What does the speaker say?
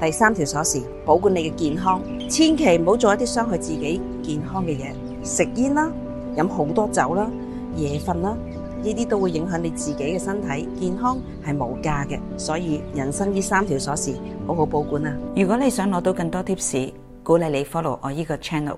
第三條鎖匙，保管你嘅健康，千祈唔好做一啲傷害自己健康嘅嘢，食煙啦、啊，飲好多酒啦、啊，夜瞓啦、啊，呢啲都會影響你自己嘅身體。健康係無價嘅，所以人生呢三條鎖匙好好保管啊！如果你想攞到更多貼士，鼓勵你 follow 我呢個 channel。